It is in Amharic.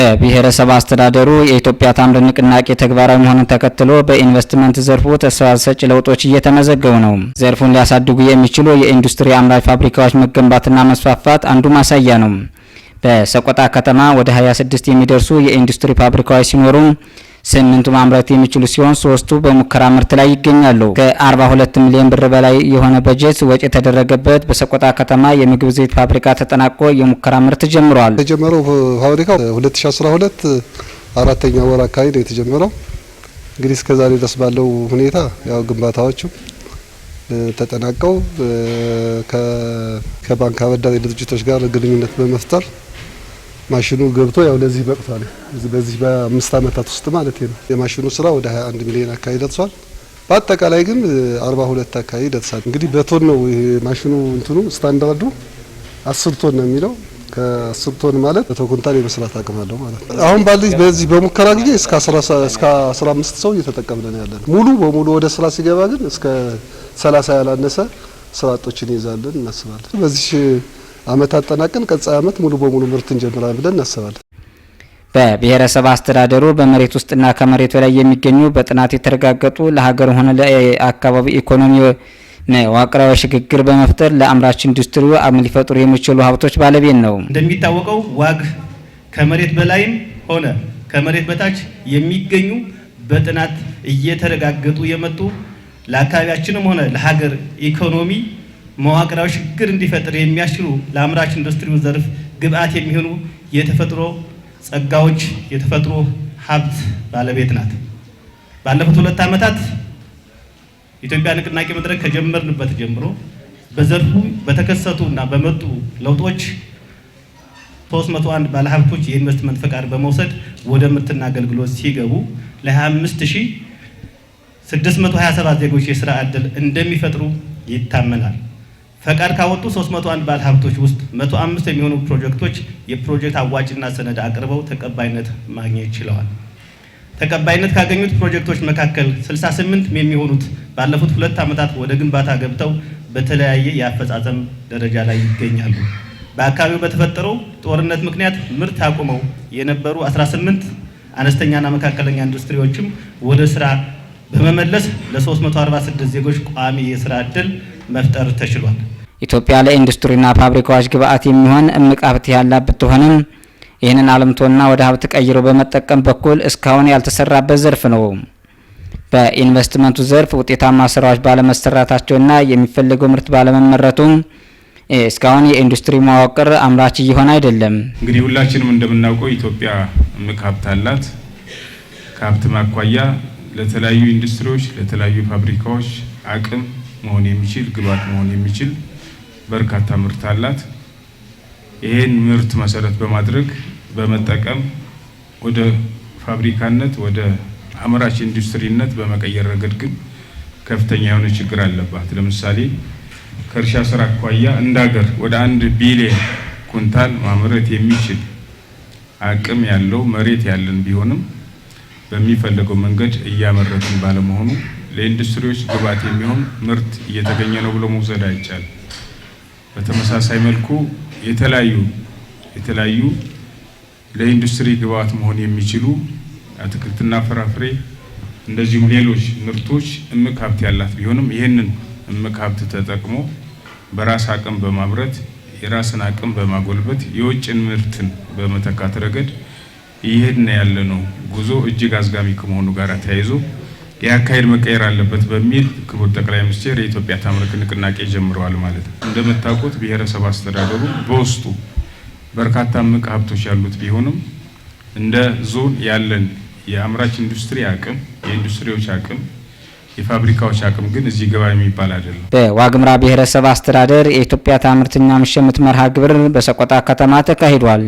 በብሔረሰብ አስተዳደሩ የኢትዮጵያ ታምር ንቅናቄ ተግባራዊ መሆኑን ተከትሎ በኢንቨስትመንት ዘርፉ ተስፋ ሰጭ ለውጦች እየተመዘገቡ ነው። ዘርፉን ሊያሳድጉ የሚችሉ የኢንዱስትሪ አምራች ፋብሪካዎች መገንባትና መስፋፋት አንዱ ማሳያ ነው። በሰቆጣ ከተማ ወደ 26 የሚደርሱ የኢንዱስትሪ ፋብሪካዎች ሲኖሩ ስምንቱ ማምረት የሚችሉ ሲሆን ሶስቱ በሙከራ ምርት ላይ ይገኛሉ። ከ42 ሚሊዮን ብር በላይ የሆነ በጀት ወጪ የተደረገበት በሰቆጣ ከተማ የምግብ ዘይት ፋብሪካ ተጠናቆ የሙከራ ምርት ጀምሯል። የጀመረው ፋብሪካ 2012 አራተኛ ወር አካባቢ ነው የተጀመረው። እንግዲህ እስከዛሬ ድረስ ባለው ሁኔታ ያው ግንባታዎቹ ተጠናቀው ከባንክ አበዳሪ ድርጅቶች ጋር ግንኙነት በመፍጠር ማሽኑ ገብቶ ያው ለዚህ በቅቷል። በዚህ በአምስት ዓመታት ውስጥ ማለት ነው የማሽኑ ስራ ወደ 21 ሚሊዮን አካባቢ ደርሷል። በአጠቃላይ ግን 42 አካባቢ ደርሳል። እንግዲህ በቶን ነው ማሽኑ እንትኑ ስታንዳርዱ አስር ቶን ነው የሚለው ከአስር ቶን ማለት መቶ ኩንታል የመስራት አቅም አለው ማለት ነው። አሁን ባለች በዚህ በሙከራ ጊዜ እስከ 15 ሰው እየተጠቀምን ያለን ሙሉ በሙሉ ወደ ስራ ሲገባ ግን እስከ 30 ያላነሰ ስራ አጦችን ይዛለን እናስባለን በዚህ አመት አጠናቀን ቀጣይ አመት ሙሉ በሙሉ ምርት እንጀምራለን ብለን እናስባለን። በብሔረሰብ አስተዳደሩ በመሬት ውስጥና ከመሬቱ ላይ የሚገኙ በጥናት የተረጋገጡ ለሀገር ሆነ ለአካባቢ ኢኮኖሚ መዋቅራዊ ሽግግር በመፍጠር ለአምራች ኢንዱስትሪ አቅም ሊፈጥሩ የሚችሉ ሀብቶች ባለቤት ነው። እንደሚታወቀው ዋግ ከመሬት በላይም ሆነ ከመሬት በታች የሚገኙ በጥናት እየተረጋገጡ የመጡ ለአካባቢያችንም ሆነ ለሀገር ኢኮኖሚ መዋቅራዊ ችግር እንዲፈጥር የሚያስችሉ ለአምራች ኢንዱስትሪው ዘርፍ ግብአት የሚሆኑ የተፈጥሮ ጸጋዎች የተፈጥሮ ሀብት ባለቤት ናት። ባለፉት ሁለት ዓመታት ኢትዮጵያ ንቅናቄ መድረክ ከጀመርንበት ጀምሮ በዘርፉ በተከሰቱ እና በመጡ ለውጦች 301 ባለሀብቶች የኢንቨስትመንት ፈቃድ በመውሰድ ወደ ምርትና አገልግሎት ሲገቡ ለ25627 ዜጎች የስራ ዕድል እንደሚፈጥሩ ይታመናል። ፈቃድ ካወጡ 301 ባለ ሀብቶች ውስጥ 105 የሚሆኑ ፕሮጀክቶች የፕሮጀክት አዋጭና ሰነድ አቅርበው ተቀባይነት ማግኘት ችለዋል። ተቀባይነት ካገኙት ፕሮጀክቶች መካከል 68 የሚሆኑት ባለፉት ሁለት ዓመታት ወደ ግንባታ ገብተው በተለያየ የአፈጻጸም ደረጃ ላይ ይገኛሉ። በአካባቢው በተፈጠረው ጦርነት ምክንያት ምርት አቁመው የነበሩ 18 አነስተኛና መካከለኛ ኢንዱስትሪዎችም ወደ ስራ በመመለስ ለ346 ዜጎች ቋሚ የስራ ዕድል መፍጠር ተችሏል። ኢትዮጵያ ለኢንዱስትሪና ፋብሪካዎች ግብዓት የሚሆን እምቅ ሀብት ያላት ብትሆንም ይህንን አልምቶና ወደ ሀብት ቀይሮ በመጠቀም በኩል እስካሁን ያልተሰራበት ዘርፍ ነው። በኢንቨስትመንቱ ዘርፍ ውጤታማ ስራዎች ባለመሰራታቸውና የሚፈልገው ምርት ባለመመረቱም እስካሁን የኢንዱስትሪ መዋቅር አምራች እየሆነ አይደለም። እንግዲህ ሁላችንም እንደምናውቀው ኢትዮጵያ እምቅ ሀብት አላት። ከሀብት ማኳያ ለተለያዩ ኢንዱስትሪዎች፣ ለተለያዩ ፋብሪካዎች አቅም መሆን የሚችል ግብዓት መሆን የሚችል በርካታ ምርት አላት። ይህን ምርት መሰረት በማድረግ በመጠቀም ወደ ፋብሪካነት ወደ አምራች ኢንዱስትሪነት በመቀየር ረገድ ግን ከፍተኛ የሆነ ችግር አለባት። ለምሳሌ ከእርሻ ስራ አኳያ እንደ ሀገር ወደ አንድ ቢሊየን ኩንታል ማምረት የሚችል አቅም ያለው መሬት ያለን ቢሆንም በሚፈለገው መንገድ እያመረትን ባለመሆኑ ለኢንዱስትሪዎች ግብዓት የሚሆን ምርት እየተገኘ ነው ብሎ መውሰድ አይቻል። በተመሳሳይ መልኩ የተለያዩ የተለያዩ ለኢንዱስትሪ ግብዓት መሆን የሚችሉ አትክልትና ፍራፍሬ እንደዚሁም ሌሎች ምርቶች እምቅ ሀብት ያላት ቢሆንም ይህንን እምቅ ሀብት ተጠቅሞ በራስ አቅም በማምረት የራስን አቅም በማጎልበት የውጭን ምርትን በመተካት ረገድ ይህን ያለ ነው ጉዞ እጅግ አዝጋሚ ከመሆኑ ጋር ተያይዞ የአካሄድ መቀየር አለበት በሚል ክቡር ጠቅላይ ሚኒስትር የኢትዮጵያ ታምርክ ንቅናቄ ጀምረዋል ማለት ነው። እንደምታውቁት ብሔረሰብ አስተዳደሩ በውስጡ በርካታ ምቅ ሀብቶች ያሉት ቢሆንም እንደ ዞን ያለን የአምራች ኢንዱስትሪ አቅም፣ የኢንዱስትሪዎች አቅም የፋብሪካዎች አቅም ግን እዚህ ገባ የሚባል አይደለም። በዋግምራ ብሔረሰብ አስተዳደር የኢትዮጵያ ታምርትና ምሽምት መርሃ ግብር በሰቆጣ ከተማ ተካሂዷል።